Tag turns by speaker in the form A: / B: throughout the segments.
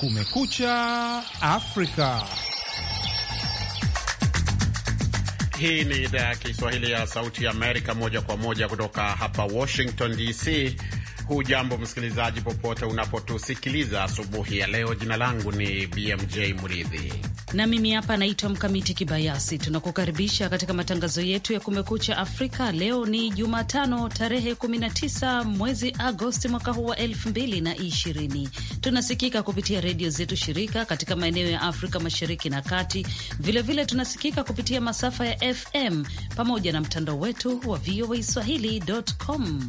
A: Kumekucha
B: Afrika. Hii ni idhaa ya Kiswahili ya Sauti ya Amerika, moja kwa moja kutoka hapa Washington DC. Hujambo msikilizaji, popote unapotusikiliza asubuhi ya leo. Jina langu ni BMJ Muridhi
C: na mimi hapa naitwa Mkamiti Kibayasi. Tunakukaribisha katika matangazo yetu ya Kumekucha Afrika. Leo ni Jumatano, tarehe 19 mwezi Agosti mwaka huu wa 2020. Tunasikika kupitia redio zetu shirika katika maeneo ya Afrika Mashariki na Kati. Vilevile vile tunasikika kupitia masafa ya FM pamoja na mtandao wetu wa VOA swahili.com.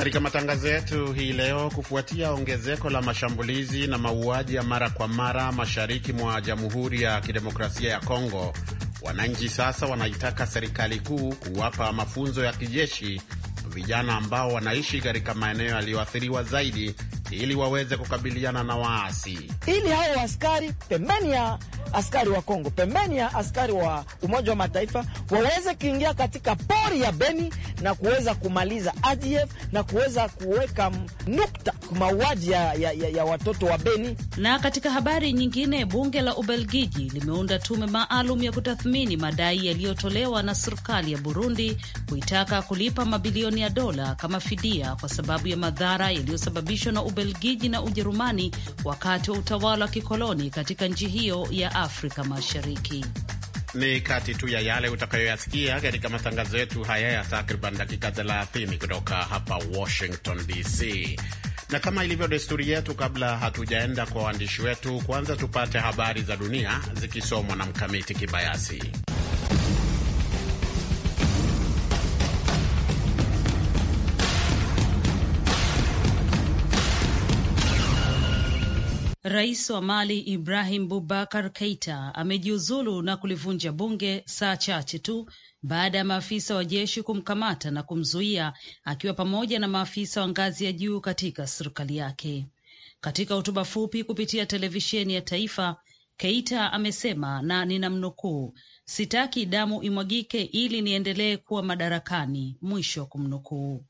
B: katika matangazo yetu hii leo, kufuatia ongezeko la mashambulizi na mauaji ya mara kwa mara mashariki mwa Jamhuri ya Kidemokrasia ya Kongo, wananchi sasa wanaitaka serikali kuu kuwapa mafunzo ya kijeshi vijana ambao wanaishi katika maeneo yaliyoathiriwa zaidi ili waweze kukabiliana na waasi,
D: ili hao askari pembeni ya askari wa Kongo pembeni ya askari wa Umoja wa Mataifa waweze kuingia katika pori ya Beni na kuweza kumaliza ADF na kuweza kuweka nukta mauaji ya, ya, ya watoto wa Beni.
C: Na katika habari nyingine, bunge la Ubelgiji limeunda tume maalum ya kutathmini madai yaliyotolewa na serikali ya Burundi kuitaka kulipa mabilioni ya dola kama fidia kwa sababu ya madhara yaliyosababishwa na Ubelgiji na Ujerumani wakati wa utawala wa kikoloni katika nchi hiyo ya Afrika Mashariki.
B: Ni kati tu ya yale utakayoyasikia katika matangazo yetu haya ya takriban dakika 30 kutoka hapa Washington DC, na kama ilivyo desturi yetu, kabla hatujaenda kwa waandishi wetu, kwanza tupate habari za dunia zikisomwa na Mkamiti Kibayasi.
C: Rais wa Mali Ibrahim bubakar Keita amejiuzulu na kulivunja bunge saa chache tu baada ya maafisa wa jeshi kumkamata na kumzuia akiwa pamoja na maafisa wa ngazi ya juu katika serikali yake. Katika hotuba fupi kupitia televisheni ya taifa, Keita amesema na ninamnukuu, sitaki damu imwagike ili niendelee kuwa madarakani, mwisho wa kumnukuu.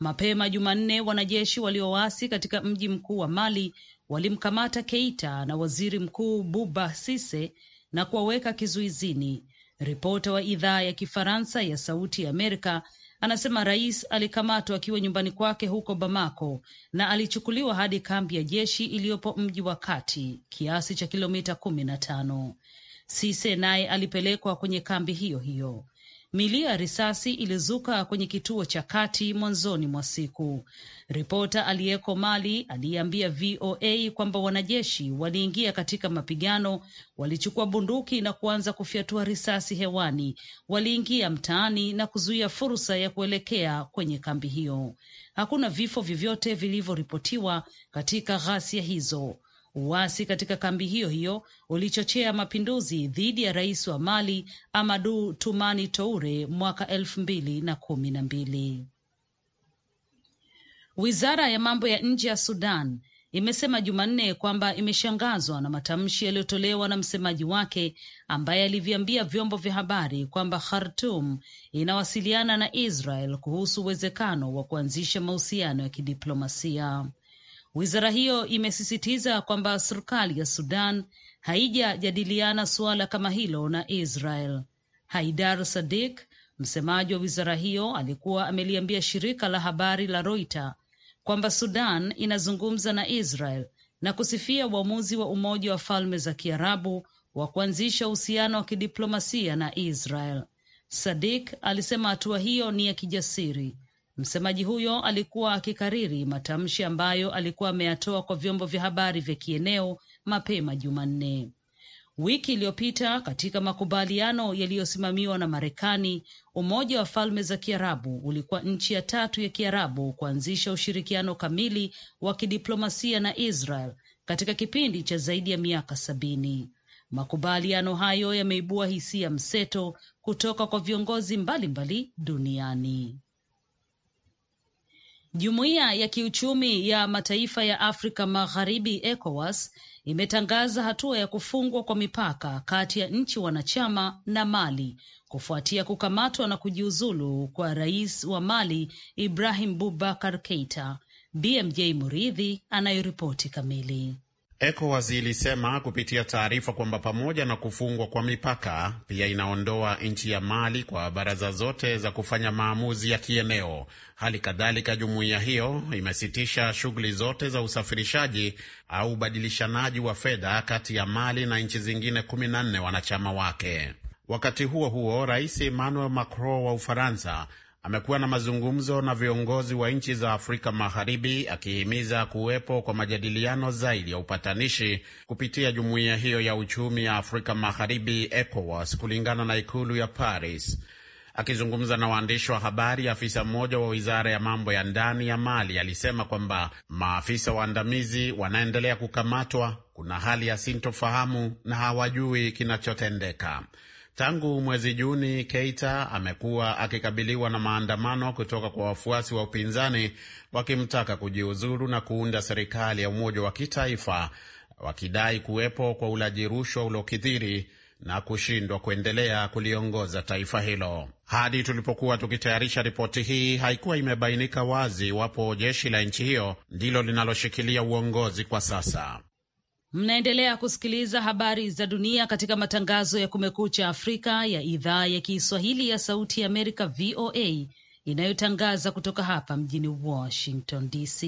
C: Mapema Jumanne, wanajeshi walioasi katika mji mkuu wa Mali walimkamata Keita na waziri mkuu Buba Sise na kuwaweka kizuizini. Ripota wa idhaa ya Kifaransa ya Sauti ya Amerika anasema rais alikamatwa akiwa nyumbani kwake huko Bamako na alichukuliwa hadi kambi ya jeshi iliyopo mji wa kati kiasi cha kilomita kumi na tano. Sise naye alipelekwa kwenye kambi hiyo hiyo. Milio ya risasi ilizuka kwenye kituo cha kati mwanzoni mwa siku. Ripota aliyeko Mali aliyeambia VOA kwamba wanajeshi waliingia katika mapigano, walichukua bunduki na kuanza kufyatua risasi hewani, waliingia mtaani na kuzuia fursa ya kuelekea kwenye kambi hiyo. Hakuna vifo vyovyote vilivyoripotiwa katika ghasia hizo. Uasi katika kambi hiyo hiyo ulichochea mapinduzi dhidi ya rais wa Mali Amadu Tumani Toure mwaka elfu mbili na kumi na mbili. Wizara ya mambo ya nje ya Sudan imesema Jumanne kwamba imeshangazwa na matamshi yaliyotolewa na msemaji wake ambaye aliviambia vyombo vya habari kwamba Khartum inawasiliana na Israel kuhusu uwezekano wa kuanzisha mahusiano ya kidiplomasia. Wizara hiyo imesisitiza kwamba serikali ya Sudan haijajadiliana suala kama hilo na Israel. Haidar Sadik, msemaji wa wizara hiyo, alikuwa ameliambia shirika la habari la Reuters kwamba Sudan inazungumza na Israel na kusifia uamuzi wa Umoja wa Falme za Kiarabu wa kuanzisha uhusiano wa kidiplomasia na Israel. Sadik alisema hatua hiyo ni ya kijasiri Msemaji huyo alikuwa akikariri matamshi ambayo alikuwa ameyatoa kwa vyombo vya habari vya kieneo mapema Jumanne wiki iliyopita katika makubaliano yaliyosimamiwa na Marekani. Umoja wa Falme za Kiarabu ulikuwa nchi ya tatu ya Kiarabu kuanzisha ushirikiano kamili wa kidiplomasia na Israel katika kipindi cha zaidi ya miaka sabini. Makubaliano hayo yameibua hisia mseto kutoka kwa viongozi mbalimbali mbali duniani. Jumuiya ya Kiuchumi ya Mataifa ya Afrika Magharibi ECOWAS imetangaza hatua ya kufungwa kwa mipaka kati ya nchi wanachama na Mali kufuatia kukamatwa na kujiuzulu kwa rais wa Mali Ibrahim bubakar Keita. BMJ Muridhi anayeripoti kamili.
B: ECOWAS ilisema kupitia taarifa kwamba pamoja na kufungwa kwa mipaka, pia inaondoa nchi ya Mali kwa baraza zote za kufanya maamuzi ya kieneo. Hali kadhalika, jumuiya hiyo imesitisha shughuli zote za usafirishaji au ubadilishanaji wa fedha kati ya Mali na nchi zingine 14 wanachama wake. Wakati huo huo, Rais Emmanuel Macron wa Ufaransa amekuwa na mazungumzo na viongozi wa nchi za Afrika Magharibi akihimiza kuwepo kwa majadiliano zaidi ya upatanishi kupitia jumuiya hiyo ya uchumi ya Afrika Magharibi, ECOWAS, kulingana na ikulu ya Paris. Akizungumza na waandishi wa habari, afisa mmoja wa wizara ya mambo ya ndani ya Mali alisema kwamba maafisa waandamizi wanaendelea kukamatwa, kuna hali ya sintofahamu na hawajui kinachotendeka. Tangu mwezi Juni, Keita amekuwa akikabiliwa na maandamano kutoka kwa wafuasi wa upinzani wakimtaka kujiuzulu na kuunda serikali ya umoja wa kitaifa, wakidai kuwepo kwa ulaji rushwa uliokithiri na kushindwa kuendelea kuliongoza taifa hilo. Hadi tulipokuwa tukitayarisha ripoti hii, haikuwa imebainika wazi iwapo jeshi la nchi hiyo ndilo linaloshikilia uongozi kwa sasa.
C: Mnaendelea kusikiliza habari za dunia katika matangazo ya Kumekucha Afrika ya idhaa ya Kiswahili ya Sauti ya Amerika, VOA, inayotangaza kutoka hapa mjini Washington DC.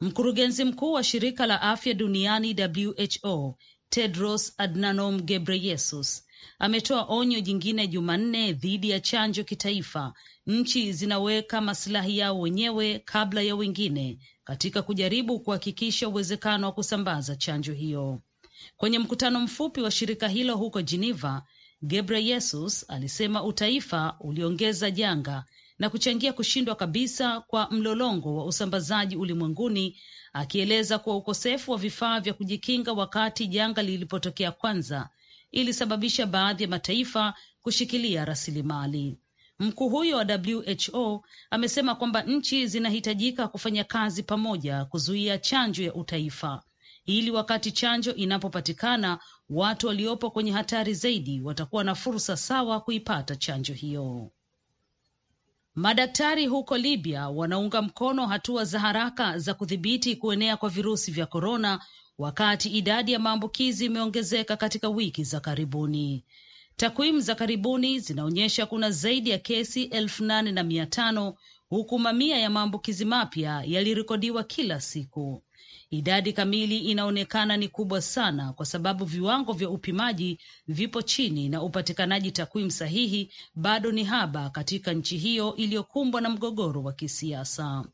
C: Mkurugenzi mkuu wa shirika la afya duniani WHO Tedros Adhanom Ghebreyesus ametoa onyo jingine Jumanne dhidi ya chanjo kitaifa. Nchi zinaweka masilahi yao wenyewe kabla ya wengine katika kujaribu kuhakikisha uwezekano wa kusambaza chanjo hiyo. Kwenye mkutano mfupi wa shirika hilo huko Geneva, Gebreyesus alisema utaifa uliongeza janga na kuchangia kushindwa kabisa kwa mlolongo wa usambazaji ulimwenguni, akieleza kuwa ukosefu wa vifaa vya kujikinga wakati janga lilipotokea kwanza ilisababisha baadhi ya mataifa kushikilia rasilimali. Mkuu huyo wa WHO amesema kwamba nchi zinahitajika kufanya kazi pamoja kuzuia chanjo ya utaifa, ili wakati chanjo inapopatikana watu waliopo kwenye hatari zaidi watakuwa na fursa sawa kuipata chanjo hiyo. Madaktari huko Libya wanaunga mkono hatua za haraka za kudhibiti kuenea kwa virusi vya korona, wakati idadi ya maambukizi imeongezeka katika wiki za karibuni. Takwimu za karibuni zinaonyesha kuna zaidi ya kesi elfu nane na mia tano huku mamia ya maambukizi mapya yalirekodiwa kila siku. Idadi kamili inaonekana ni kubwa sana, kwa sababu viwango vya upimaji vipo chini na upatikanaji takwimu sahihi bado ni haba katika nchi hiyo iliyokumbwa na mgogoro wa kisiasa.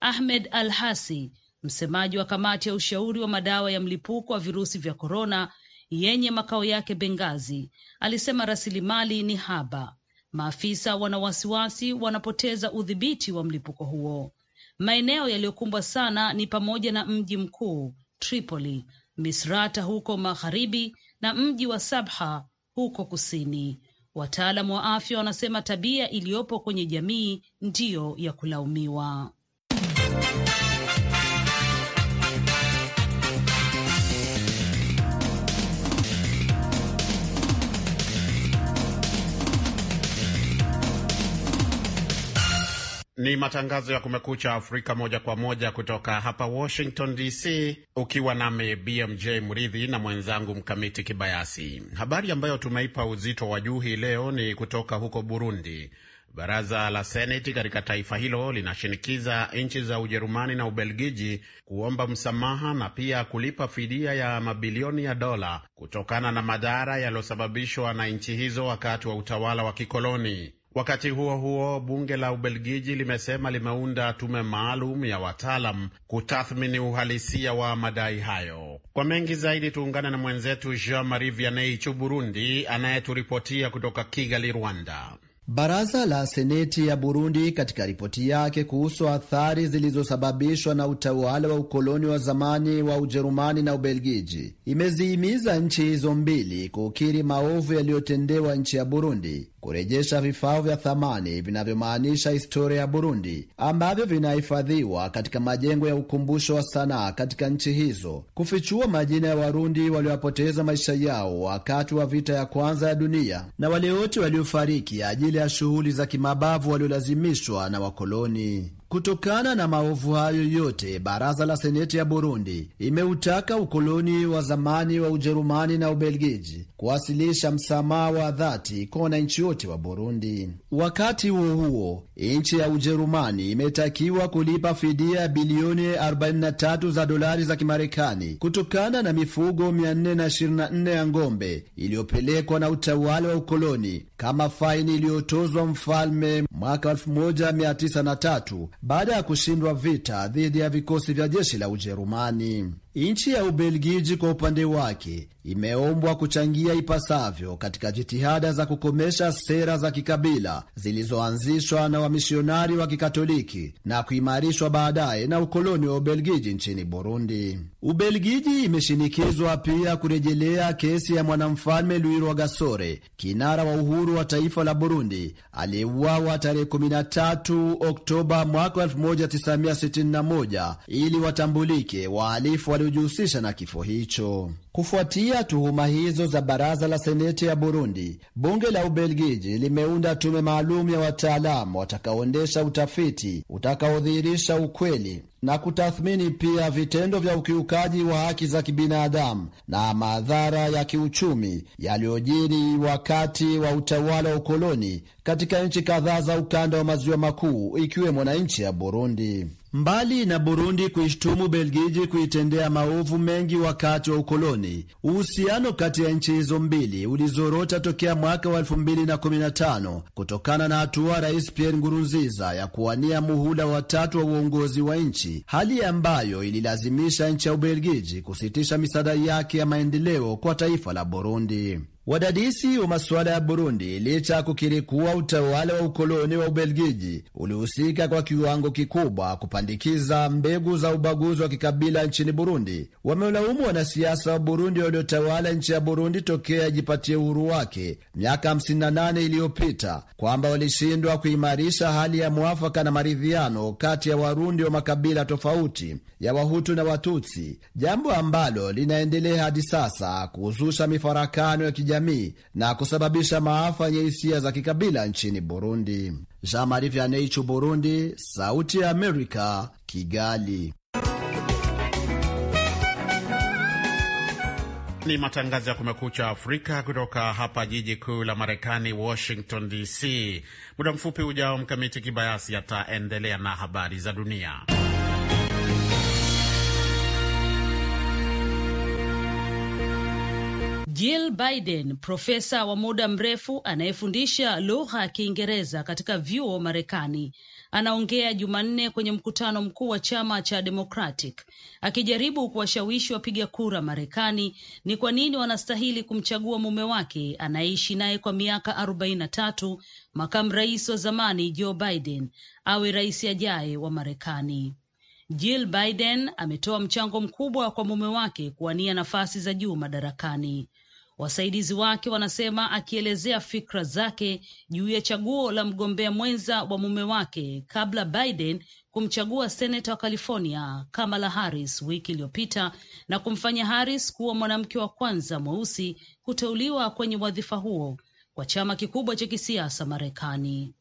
C: Ahmed Al Hasi, msemaji wa kamati ya ushauri wa madawa ya mlipuko wa virusi vya korona yenye makao yake Bengazi alisema rasilimali ni haba. Maafisa wana wasiwasi wanapoteza udhibiti wa mlipuko huo. Maeneo yaliyokumbwa sana ni pamoja na mji mkuu Tripoli, Misrata huko magharibi na mji wa Sabha huko kusini. Wataalamu wa afya wanasema tabia iliyopo kwenye jamii ndiyo ya kulaumiwa.
B: Ni matangazo ya Kumekucha Afrika moja kwa moja kutoka hapa Washington DC, ukiwa nami BMJ Mridhi na mwenzangu Mkamiti Kibayasi. Habari ambayo tumeipa uzito wa juu hii leo ni kutoka huko Burundi. Baraza la Seneti katika taifa hilo linashinikiza nchi za Ujerumani na Ubelgiji kuomba msamaha na pia kulipa fidia ya mabilioni ya dola kutokana na madhara yaliyosababishwa na nchi hizo wakati wa utawala wa kikoloni. Wakati huo huo, bunge la Ubelgiji limesema limeunda tume maalum ya wataalam kutathmini uhalisia wa madai hayo. Kwa mengi zaidi, tuungane na mwenzetu Jean Marie Vianney Chu Burundi anayeturipotia kutoka Kigali, Rwanda.
D: Baraza la Seneti ya Burundi katika ripoti yake kuhusu athari zilizosababishwa na utawala wa ukoloni wa zamani wa Ujerumani na Ubelgiji imezihimiza nchi hizo mbili kukiri maovu yaliyotendewa nchi ya Burundi kurejesha vifaa vya thamani vinavyomaanisha historia ya Burundi ambavyo vinahifadhiwa katika majengo ya ukumbusho wa sanaa katika nchi hizo, kufichua majina ya Warundi waliowapoteza maisha yao wakati wa vita ya kwanza ya dunia na wale wote waliofariki ajili ya shughuli za kimabavu waliolazimishwa na wakoloni. Kutokana na maovu hayo yote, baraza la seneti ya Burundi imeutaka ukoloni wa zamani wa Ujerumani na Ubelgiji kuwasilisha msamaha wa dhati kwa wananchi wote wa Burundi. Wakati huo huo, nchi ya Ujerumani imetakiwa kulipa fidia bilioni 43 za dolari za Kimarekani kutokana na mifugo 424 ya ng'ombe iliyopelekwa na utawala wa ukoloni kama faini iliyotozwa mfalme mwaka 1903 baada ya kushindwa vita dhidi ya vikosi vya jeshi la Ujerumani. Nchi ya Ubelgiji kwa upande wake imeombwa kuchangia ipasavyo katika jitihada za kukomesha sera za kikabila zilizoanzishwa na wamisionari wa Kikatoliki na kuimarishwa baadaye na ukoloni wa Ubelgiji nchini Burundi. Ubelgiji imeshinikizwa pia kurejelea kesi ya mwanamfalme Louis Rwagasore, kinara wa uhuru wa taifa la Burundi, aliyeuawa tarehe 13 Oktoba mwaka 1961 ili watambulike wahalifu wali waliojihusisha na kifo hicho. Kufuatia tuhuma hizo za baraza la seneti ya Burundi, bunge la Ubelgiji limeunda tume maalum ya wataalamu watakaoendesha utafiti utakaodhihirisha ukweli na kutathmini pia vitendo vya ukiukaji wa haki za kibinadamu na madhara ya kiuchumi yaliyojiri wakati wa utawala wa ukoloni katika nchi kadhaa za ukanda wa maziwa makuu ikiwemo na nchi ya Burundi. Mbali na Burundi kuishtumu Belgiji kuitendea maovu mengi wakati wa ukoloni, uhusiano kati ya nchi hizo mbili ulizorota tokea mwaka wa 2015 kutokana na hatua Rais Pierre ngurunziza ya kuwania muhula wa tatu wa uongozi wa nchi, hali ambayo ililazimisha nchi ya Ubelgiji kusitisha misaada yake ya maendeleo kwa taifa la Burundi. Wadadisi wa masuala ya Burundi, licha ya kukiri kuwa utawala wa ukoloni wa Ubelgiji ulihusika kwa kiwango kikubwa kupandikiza mbegu za ubaguzi wa kikabila nchini Burundi, wameulaumu wanasiasa wa Burundi waliotawala nchi ya Burundi tokea ijipatie uhuru wake miaka 58 iliyopita kwamba walishindwa kuimarisha hali ya mwafaka na maridhiano kati ya Warundi wa makabila tofauti ya Wahutu na Watutsi, jambo ambalo linaendelea hadi sasa kuhususha mifarakano ya kijamii kijamii na kusababisha maafa yenye hisia za kikabila nchini Burundi. Jean-Marie Burundi, Sauti ya Amerika, Kigali.
B: Ni matangazo ya Kumekucha Afrika kutoka hapa jiji kuu la Marekani, Washington DC. Muda mfupi ujao, Mkamiti Kibayasi ataendelea na habari za dunia.
C: Jill Biden, profesa wa muda mrefu anayefundisha lugha ya Kiingereza katika vyuo Marekani, anaongea Jumanne kwenye mkutano mkuu wa chama cha Democratic akijaribu kuwashawishi wapiga kura Marekani ni kwa nini wanastahili kumchagua mume wake anayeishi naye kwa miaka 43, makamu rais wa zamani Joe Biden awe rais ajaye wa Marekani. Jill Biden ametoa mchango mkubwa kwa mume wake kuwania nafasi za juu madarakani. Wasaidizi wake wanasema akielezea fikra zake juu ya chaguo la mgombea mwenza wa mume wake kabla Biden kumchagua seneta wa California Kamala Harris wiki iliyopita na kumfanya Harris kuwa mwanamke wa kwanza mweusi kuteuliwa kwenye wadhifa huo kwa chama kikubwa cha kisiasa Marekani.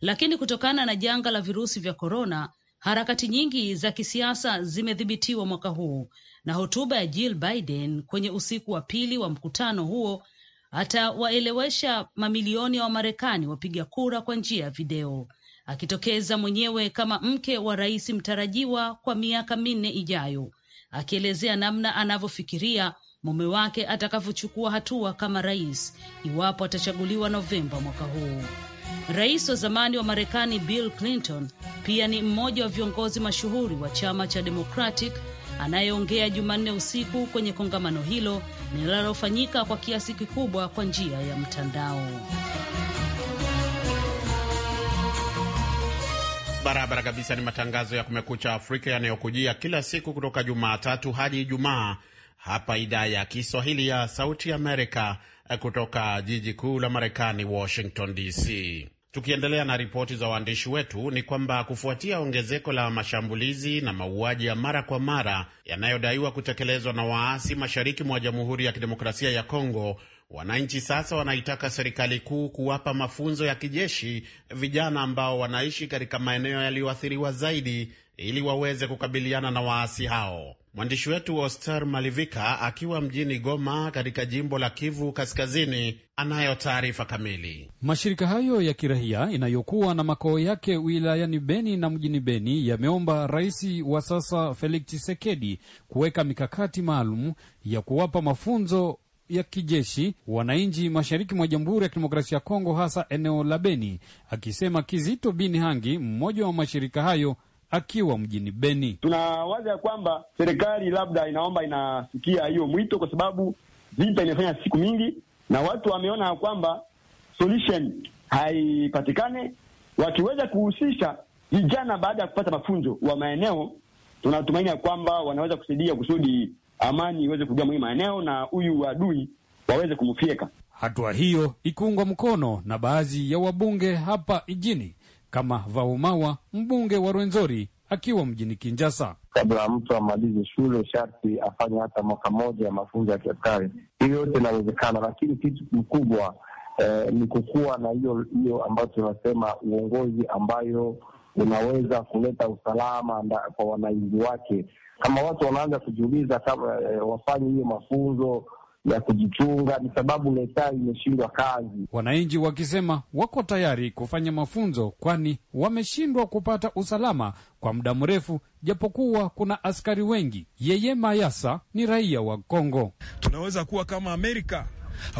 C: Lakini kutokana na janga la virusi vya korona, Harakati nyingi za kisiasa zimedhibitiwa mwaka huu, na hotuba ya Jill Biden kwenye usiku wa pili wa mkutano huo atawaelewesha mamilioni ya wa Wamarekani wapiga kura kwa njia ya video, akitokeza mwenyewe kama mke wa rais mtarajiwa kwa miaka minne ijayo, akielezea namna anavyofikiria mume wake atakavyochukua hatua kama rais iwapo atachaguliwa Novemba mwaka huu. Rais wa zamani wa Marekani Bill Clinton pia ni mmoja wa viongozi mashuhuri wa chama cha Democratic anayeongea Jumanne usiku kwenye kongamano hilo linalofanyika kwa kiasi kikubwa kwa njia ya mtandao.
B: Barabara kabisa, ni matangazo ya Kumekucha Afrika yanayokujia kila siku kutoka Jumatatu hadi Ijumaa hapa idhaa ya Kiswahili ya Sauti Amerika kutoka jiji kuu la Marekani, Washington DC. Tukiendelea na ripoti za waandishi wetu ni kwamba kufuatia ongezeko la mashambulizi na mauaji ya mara kwa mara yanayodaiwa kutekelezwa na waasi mashariki mwa Jamhuri ya Kidemokrasia ya Kongo, wananchi sasa wanaitaka serikali kuu kuwapa mafunzo ya kijeshi vijana ambao wanaishi katika maeneo yaliyoathiriwa zaidi ili waweze kukabiliana na waasi hao. Mwandishi wetu Oster Malivika akiwa mjini Goma katika jimbo la Kivu Kaskazini anayo taarifa kamili.
A: Mashirika hayo ya kirahia inayokuwa na makao yake wilayani Beni na mjini Beni yameomba rais wa sasa Felix Tshisekedi kuweka mikakati maalum ya kuwapa mafunzo ya kijeshi wananchi mashariki mwa Jamhuri ya Kidemokrasia ya Kongo, hasa eneo la Beni, akisema Kizito Bini Hangi, mmoja wa mashirika hayo
D: akiwa mjini Beni. Tunawaza ya kwamba serikali labda inaomba inasikia hiyo mwito, kwa sababu vita imefanya siku mingi na watu wameona ya kwamba solution haipatikane. Wakiweza kuhusisha vijana baada ya kupata mafunzo wa maeneo, tunatumaini ya kwamba wanaweza kusaidia kusudi amani iweze kuja hii
A: maeneo na huyu adui waweze kumfieka Hatua hiyo ikiungwa mkono na baadhi ya wabunge hapa nchini kama Vaumawa, mbunge wa Rwenzori akiwa mjini Kinjasa.
E: Kabla mtu amalize shule sharti afanye hata mwaka mmoja ya mafunzo ya kiaskari. Hiyo yote inawezekana, lakini kitu kikubwa eh, ni kukuwa
D: na hiyo hiyo ambayo tunasema uongozi ambayo unaweza kuleta usalama anda, kwa wananchi wake. Kama watu wanaanza kujiuliza kama eh, wafanye hiyo mafunzo ya kujichunga, ni sababu serikali imeshindwa kazi.
A: Wananchi wakisema wako tayari kufanya mafunzo, kwani wameshindwa kupata usalama kwa muda mrefu, japokuwa kuna askari wengi. Yeye Mayasa ni raia wa Kongo. Tunaweza kuwa kama Amerika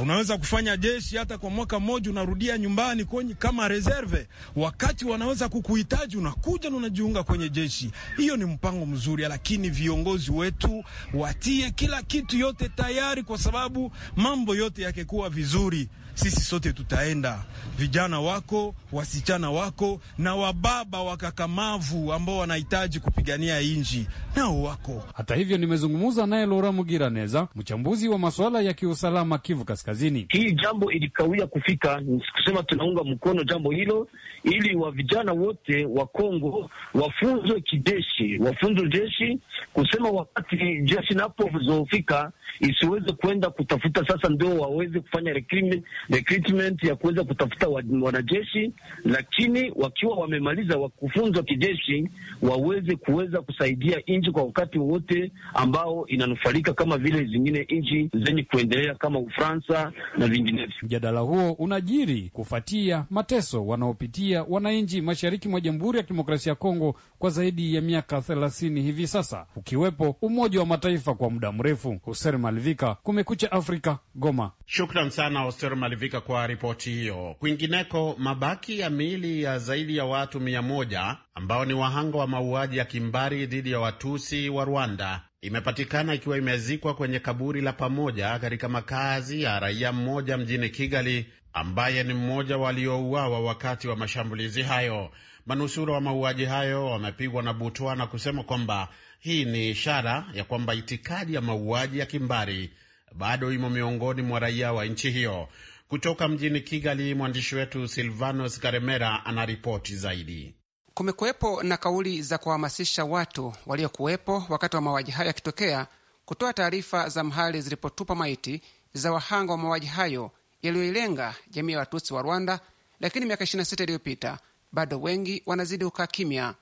A: Unaweza kufanya jeshi hata kwa mwaka mmoja, unarudia nyumbani kwenye kama reserve, wakati wanaweza kukuhitaji unakuja na unajiunga kwenye jeshi. Hiyo ni mpango mzuri, lakini viongozi wetu watie kila kitu yote tayari, kwa sababu mambo yote yakekuwa vizuri, sisi sote tutaenda, vijana wako, wasichana wako na wababa wakakamavu ambao wanahitaji kupigania inji nao wako. Hata hivyo, nimezungumza naye Lora Mugiraneza, mchambuzi wa masuala ya kiusalama Kivu Kivu Kaskazini. Hii jambo ilikawia kufika, kusema
D: tunaunga mkono jambo hilo, ili wa vijana wote wa Kongo wafunzwe kijeshi, wafunzwe jeshi, kusema wakati jeshi napozofika isiweze kwenda kutafuta sasa, ndio waweze kufanya recruitment, recruitment ya kuweza kutafuta wanajeshi, lakini wakiwa wamemaliza wakufunzwa kijeshi waweze kuweza kusaidia nchi kwa wakati wote ambao inanufarika kama vile zingine nchi zenye kuendelea kama Ufaransa Ufaransa na vinginevyo. Mjadala huo unajiri
A: kufuatia mateso wanaopitia wananchi mashariki mwa Jamhuri ya Kidemokrasia ya Kongo kwa zaidi ya miaka thelathini hivi sasa, ukiwepo Umoja wa Mataifa kwa muda mrefu. Hoser Malivika, Kumekucha Afrika, Goma.
B: Shukran sana Hoser Malivika kwa ripoti hiyo. Kwingineko, mabaki ya miili ya zaidi ya watu mia moja ambao ni wahanga wa mauaji ya kimbari dhidi ya Watusi wa Rwanda imepatikana ikiwa imezikwa kwenye kaburi la pamoja katika makazi ya raia mmoja mjini Kigali ambaye ni mmoja waliouawa wakati wa mashambulizi hayo. Manusura wa mauaji hayo wamepigwa na butwa na kusema kwamba hii ni ishara ya kwamba itikadi ya mauaji ya kimbari bado imo miongoni mwa raia wa nchi hiyo. Kutoka mjini Kigali, mwandishi wetu Silvanos Karemera anaripoti zaidi.
E: Kumekuwepo na kauli za kuwahamasisha watu waliokuwepo wakati wa mauaji hayo yakitokea kutoa taarifa za mahali zilipotupa maiti za wahanga wa mauaji hayo yaliyoilenga jamii ya watusi wa Rwanda, lakini miaka 26 iliyopita bado wengi wanazidi kukaa kimya.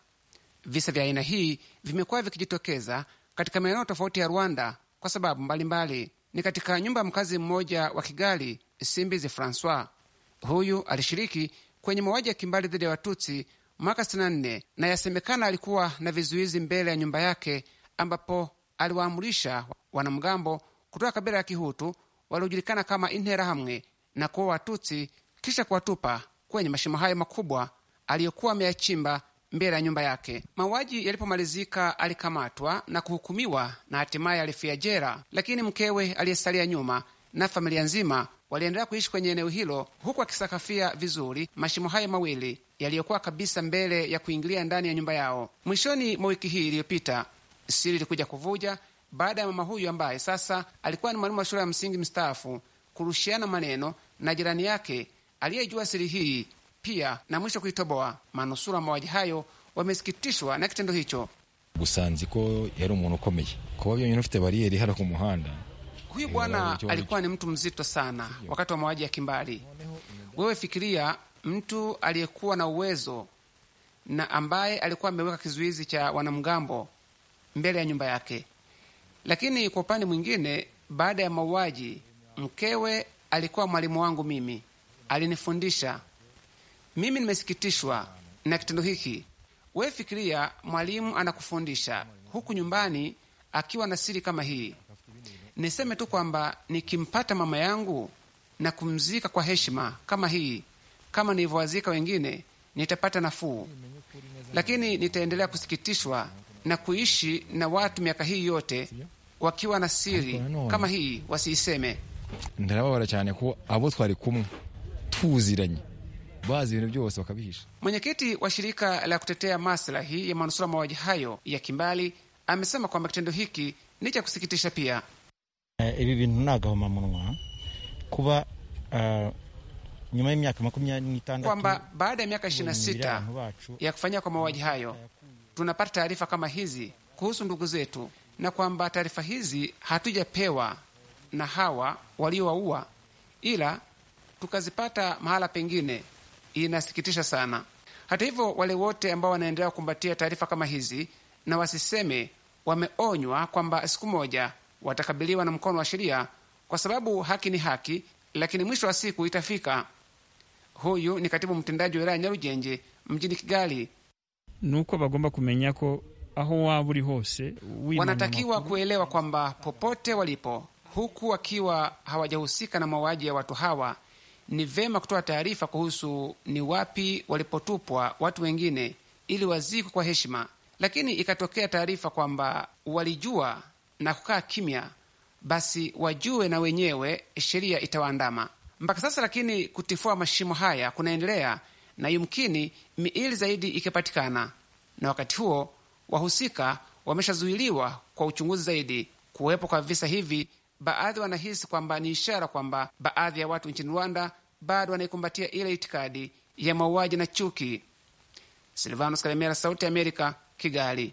E: Visa vya aina hii vimekuwa vikijitokeza katika maeneo tofauti ya Rwanda kwa sababu mbalimbali mbali. Ni katika nyumba ya mkazi mmoja wa Kigali, Simbizi Francois. Huyu alishiriki kwenye mauaji ya kimbali dhidi ya Watutsi mwaka 64 na yasemekana alikuwa na vizuizi mbele ya nyumba yake ambapo aliwaamulisha wanamgambo kutoka kabila ya Kihutu waliojulikana kama Interahamwe na kuwa Watutsi kisha kuwatupa kwenye mashimo hayo makubwa aliyokuwa ameyachimba mbele ya nyumba yake. Mauaji yalipomalizika, alikamatwa na kuhukumiwa na hatimaye alifia jela, lakini mkewe aliyesalia nyuma na familia nzima waliendelea kuishi kwenye eneo hilo huku akisakafia vizuri mashimo hayo mawili yaliyokuwa kabisa mbele ya kuingilia ndani ya nyumba yao. Mwishoni mwa wiki hii iliyopita, siri ilikuja kuvuja baada ya mama huyu ambaye sasa alikuwa ni mwalimu wa shule ya msingi mstaafu kurushiana maneno na jirani yake aliyejua siri hii pia na mwisho kuitoboa. Manusura mauaji hayo wamesikitishwa na kitendo hicho.
A: gusanzi ko yari umuntu ukomeye kuba byonyine ufite bariyeri hara ku muhanda
E: Huyu bwana alikuwa ni mtu mzito sana wakati wa mauaji ya kimbali. Wewe fikiria mtu aliyekuwa na uwezo na ambaye alikuwa ameweka kizuizi cha wanamgambo mbele ya nyumba yake. Lakini kwa upande mwingine, baada ya mauaji, mkewe alikuwa mwalimu wangu mimi, alinifundisha mimi. Nimesikitishwa na kitendo hiki. Wewe fikiria, mwalimu anakufundisha huku nyumbani akiwa na siri kama hii. Niseme tu kwamba nikimpata mama yangu na kumzika kwa heshima kama hii, kama nilivyowazika wengine, nitapata nafuu, lakini nitaendelea kusikitishwa na kuishi na watu miaka hii yote wakiwa na siri kama hii wasiiseme.
A: ndarababara cyane ko abo twari kumwe tuziranye bazi ibintu byose bakabihisha.
E: Mwenyekiti wa shirika la kutetea maslahi ya manusura mauaji hayo ya kimbali amesema kwamba kitendo hiki ni cha kusikitisha pia.
F: Eh, ibi bintu ni munwa kuba eh, nyuma y'imyaka makumyabiri
E: n'itandatu kwamba baada ya miaka ishirini na sita ya kufanyika kwa mauaji hayo eh, tunapata taarifa kama hizi kuhusu ndugu zetu, na kwamba taarifa hizi hatujapewa na hawa waliowaua, ila tukazipata mahala pengine. Inasikitisha sana. Hata hivyo, wale wote ambao wanaendelea kukumbatia taarifa kama hizi na wasiseme wameonywa kwamba siku moja watakabiliwa na mkono wa sheria, kwa sababu haki ni haki, lakini mwisho wa siku itafika. Huyu ni katibu mtendaji wa wilaya Nyarugenge mjini Kigali.
A: nuko bagomba kumenya ko aho waba uri hose, wanatakiwa
E: kuelewa kwamba popote walipo, huku wakiwa hawajahusika na mauaji ya watu hawa, ni vema kutoa taarifa kuhusu ni wapi walipotupwa watu wengine, ili wazikwe kwa heshima. Lakini ikatokea taarifa kwamba walijua na kukaa kimya, basi wajue na wenyewe sheria itawaandama. Mpaka sasa lakini kutifua mashimo haya kunaendelea, na yumkini miili zaidi ikipatikana, na wakati huo wahusika wameshazuiliwa kwa uchunguzi zaidi. Kuwepo kwa visa hivi, baadhi wanahisi kwamba ni ishara kwamba baadhi ya watu nchini Rwanda bado wanaikumbatia ile itikadi ya mauaji na chuki. Silvanos Kalemera, Sauti ya Amerika, Kigali.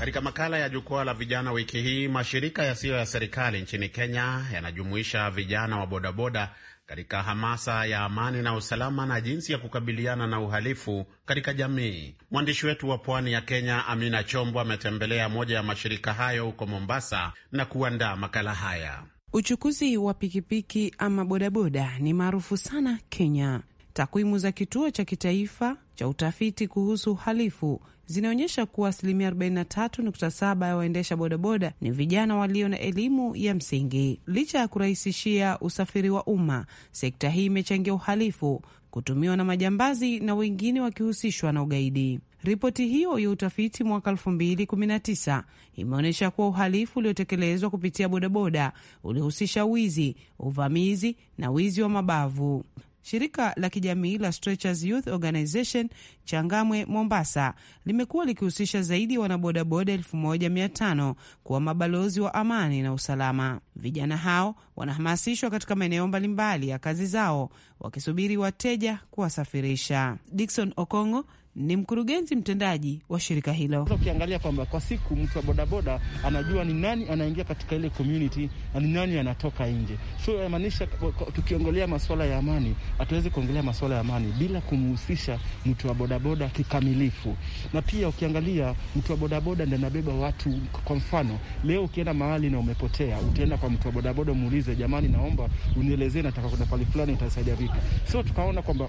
B: Katika makala ya jukwaa la vijana wiki hii, mashirika yasiyo ya serikali nchini Kenya yanajumuisha vijana wa bodaboda katika hamasa ya amani na usalama na jinsi ya kukabiliana na uhalifu katika jamii. Mwandishi wetu wa pwani ya Kenya, Amina Chombo, ametembelea moja ya mashirika hayo huko Mombasa na kuandaa makala haya.
G: Uchukuzi wa pikipiki ama bodaboda ni maarufu sana Kenya. Takwimu za kituo cha kitaifa cha utafiti kuhusu uhalifu zinaonyesha kuwa asilimia 43.7 ya waendesha bodaboda ni vijana walio na elimu ya msingi. Licha ya kurahisishia usafiri wa umma, sekta hii imechangia uhalifu kutumiwa na majambazi na wengine wakihusishwa na ugaidi. Ripoti hiyo ya utafiti mwaka 2019 imeonyesha kuwa uhalifu uliotekelezwa kupitia bodaboda ulihusisha wizi, uvamizi na wizi wa mabavu. Shirika la kijamii la Stretchers Youth Organization Changamwe Mombasa limekuwa likihusisha zaidi ya wanabodaboda 1500 kuwa mabalozi wa amani na usalama. Vijana hao wanahamasishwa katika maeneo mbalimbali ya kazi zao wakisubiri wateja kuwasafirisha. Dikson Okongo ni mkurugenzi mtendaji wa shirika hilo. Ukiangalia kwamba kwa siku mtu wa bodaboda anajua ni nani anaingia katika ile community na ni nani
F: anatoka nje, so inamaanisha tukiongelea masuala ya amani, hatuwezi kuongelea masuala ya amani bila kumhusisha mtu wa bodaboda kikamilifu. Na pia ukiangalia mtu wa bodaboda ndiye anabeba watu. Kwa mfano leo ukienda mahali na umepotea, utaenda kwa mtu wa bodaboda muulize, jamani, naomba unielezee, nataka kuna pali fulani, utasaidia vipi? So tukaona kwamba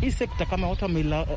F: hii sekta kama watu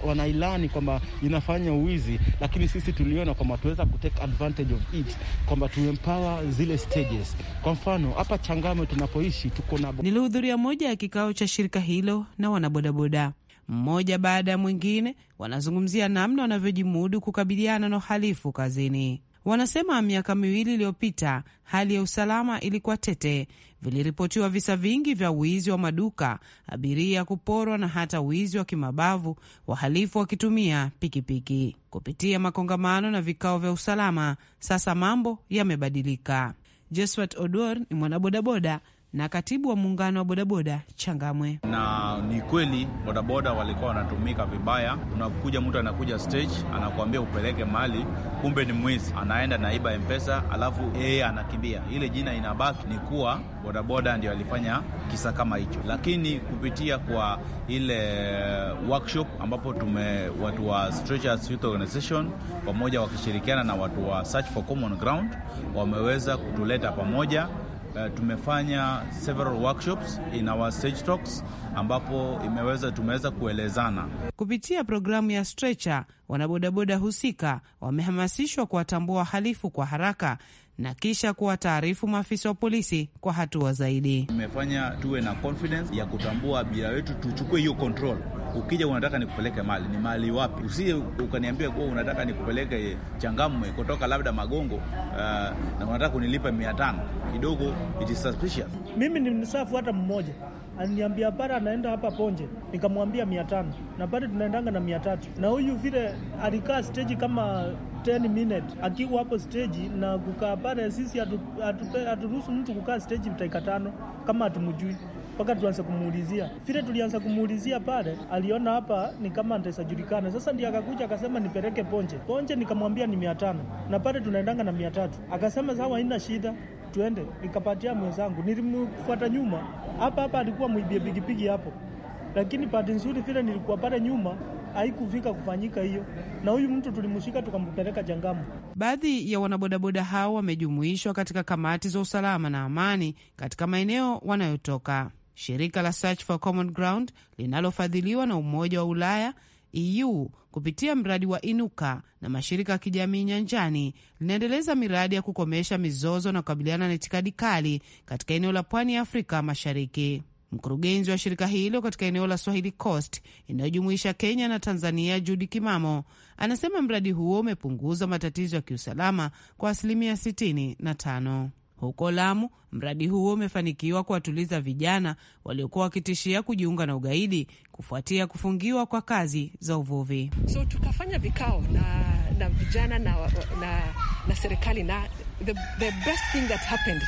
F: wanailani kwamba inafanya uwizi, lakini sisi tuliona kwamba tuweza take advantage of it, kwamba tuempower zile stages. Kwa mfano hapa
G: Changame tunapoishi tuko na nilihudhuria moja ya kikao cha shirika hilo na wanabodaboda mmoja baada ya mwingine wanazungumzia namna wanavyojimudu kukabiliana na no uhalifu kazini. Wanasema miaka miwili iliyopita hali ya usalama ilikuwa tete. Viliripotiwa visa vingi vya wizi wa maduka, abiria kuporwa na hata wizi wa kimabavu, wahalifu wakitumia pikipiki. Kupitia makongamano na vikao vya usalama, sasa mambo yamebadilika. Josphat Odor ni mwanabodaboda na katibu wa muungano wa bodaboda Changamwe.
F: Na ni kweli bodaboda walikuwa wanatumika vibaya. Unakuja mtu anakuja stage, anakuambia upeleke mali, kumbe ni mwizi, anaenda naiba Mpesa alafu yeye anakimbia. Ile jina inabaki ni kuwa bodaboda ndio alifanya kisa kama hicho, lakini kupitia kwa ile workshop ambapo tume watu wa Stretchers Youth Organization pamoja wakishirikiana na watu wa Search for Common Ground wameweza kutuleta pamoja Uh, tumefanya several workshops in our stage talks ambapo imeweza tumeweza kuelezana
G: kupitia programu ya Stretcher. Wanabodaboda husika wamehamasishwa kuwatambua wahalifu kwa haraka na kisha kuwataarifu maafisa wa polisi kwa hatua zaidi.
F: Imefanya tuwe na confidence ya kutambua abiria wetu, tuchukue hiyo control. Ukija unataka nikupeleke mali ni mali wapi? Usije ukaniambia kuwa unataka nikupeleke Changamwe kutoka labda Magongo, uh, na unataka kunilipa mia tano kidogo, it is suspicious. Mimi ni msafu hata mmoja Aliniambia bara anaenda hapa Ponje, nikamwambia mia tano na bado tunaendanga na mia tatu Na huyu vile alikaa steji kama 10 minute akiwa hapo steji na kukaa pale, sisi haturuhusu mtu kukaa steji dakika tano kama hatumjui mpaka tuanze kumuulizia. Vile tulianza kumuulizia pale, aliona hapa ni kama nitajulikana. Sasa ndiye akakuja akasema nipeleke Ponje. Ponje nikamwambia ni mia tano na pale tunaendanga na mia tatu Akasema sawa, haina shida tuende, nikapatia mwenzangu, nilimfuata nyuma hapa hapa, alikuwa mwibie pikipiki hapo, lakini bahati nzuri vile nilikuwa pale nyuma haikufika kufanyika hiyo, na huyu mtu tulimshika tukampeleka Changamwe.
G: Baadhi ya wanabodaboda hao wamejumuishwa katika kamati za usalama na amani katika maeneo wanayotoka. Shirika la Search for Common Ground linalofadhiliwa na Umoja wa Ulaya EU kupitia mradi wa Inuka na mashirika ya kijamii nyanjani linaendeleza miradi ya kukomesha mizozo na kukabiliana na itikadi kali katika eneo la pwani ya Afrika Mashariki. Mkurugenzi wa shirika hilo katika eneo la Swahili Coast inayojumuisha Kenya na Tanzania, judi Kimamo, anasema mradi huo umepunguza matatizo ya kiusalama kwa asilimia 65. Huko Lamu, mradi huo umefanikiwa kuwatuliza vijana waliokuwa wakitishia kujiunga na ugaidi kufuatia kufungiwa kwa kazi za uvuvi.
C: So tukafanya vikao na, na vijana na,
G: na, na serikali na the, the best thing that happened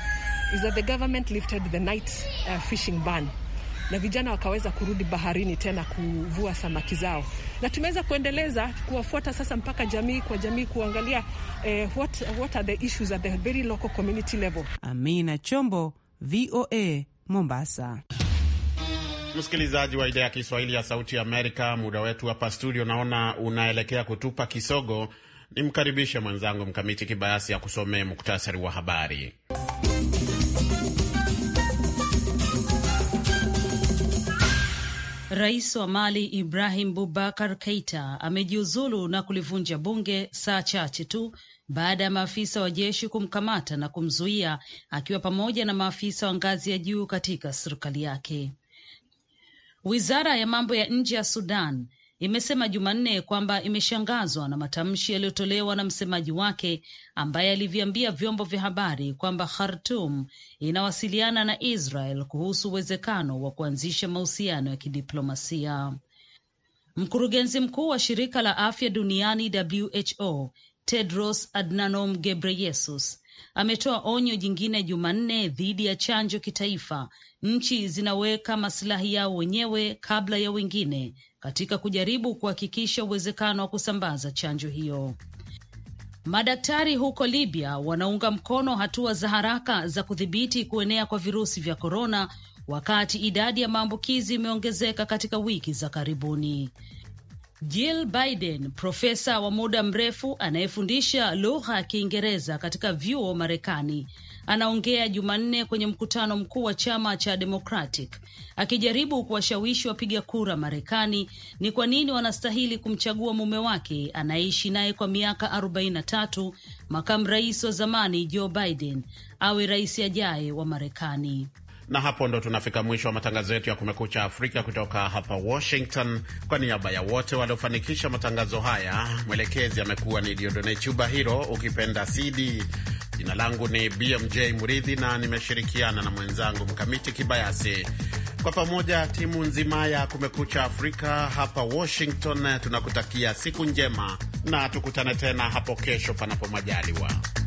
G: is that the government lifted the night uh, fishing ban na vijana wakaweza kurudi baharini tena kuvua samaki zao, na tumeweza kuendeleza kuwafuata sasa mpaka jamii kwa jamii kuangalia eh, what, what are the issues at the very local community level. Amina Chombo, VOA Mombasa.
B: Msikilizaji wa idhaa ya Kiswahili ya Sauti Amerika, muda wetu hapa studio naona unaelekea kutupa kisogo. Nimkaribishe mwenzangu Mkamiti Kibayasi akusomee muktasari wa habari.
C: Rais wa Mali Ibrahim Bubakar Keita amejiuzulu na kulivunja bunge saa chache tu baada ya maafisa wa jeshi kumkamata na kumzuia akiwa pamoja na maafisa wa ngazi ya juu katika serikali yake. Wizara ya mambo ya nje ya Sudan imesema Jumanne kwamba imeshangazwa na matamshi yaliyotolewa na msemaji wake ambaye aliviambia vyombo vya habari kwamba Khartum inawasiliana na Israel kuhusu uwezekano wa kuanzisha mahusiano ya kidiplomasia. Mkurugenzi mkuu wa shirika la afya duniani WHO Tedros Adhanom Ghebreyesus ametoa onyo jingine Jumanne dhidi ya chanjo kitaifa. Nchi zinaweka masilahi yao wenyewe kabla ya wengine, katika kujaribu kuhakikisha uwezekano wa kusambaza chanjo hiyo. Madaktari huko Libya wanaunga mkono hatua za haraka za kudhibiti kuenea kwa virusi vya korona, wakati idadi ya maambukizi imeongezeka katika wiki za karibuni. Jill Biden, profesa wa muda mrefu anayefundisha lugha ya Kiingereza katika vyuo Marekani, anaongea Jumanne kwenye mkutano mkuu wa chama cha Democratic akijaribu kuwashawishi wapiga kura Marekani ni kwa nini wanastahili kumchagua mume wake anayeishi naye kwa miaka 43 makamu rais wa zamani Joe Biden awe rais ajaye wa Marekani.
B: Na hapo ndo tunafika mwisho wa matangazo yetu ya Kumekucha Afrika kutoka hapa Washington. Kwa niaba ya wote waliofanikisha matangazo haya, mwelekezi amekuwa ni Diodone Chuba Hiro, ukipenda CD. Jina langu ni BMJ Muridhi na nimeshirikiana na mwenzangu Mkamiti Kibayasi. Kwa pamoja timu nzima ya Kumekucha Afrika hapa Washington tunakutakia siku njema na tukutane tena hapo kesho, panapo majaliwa.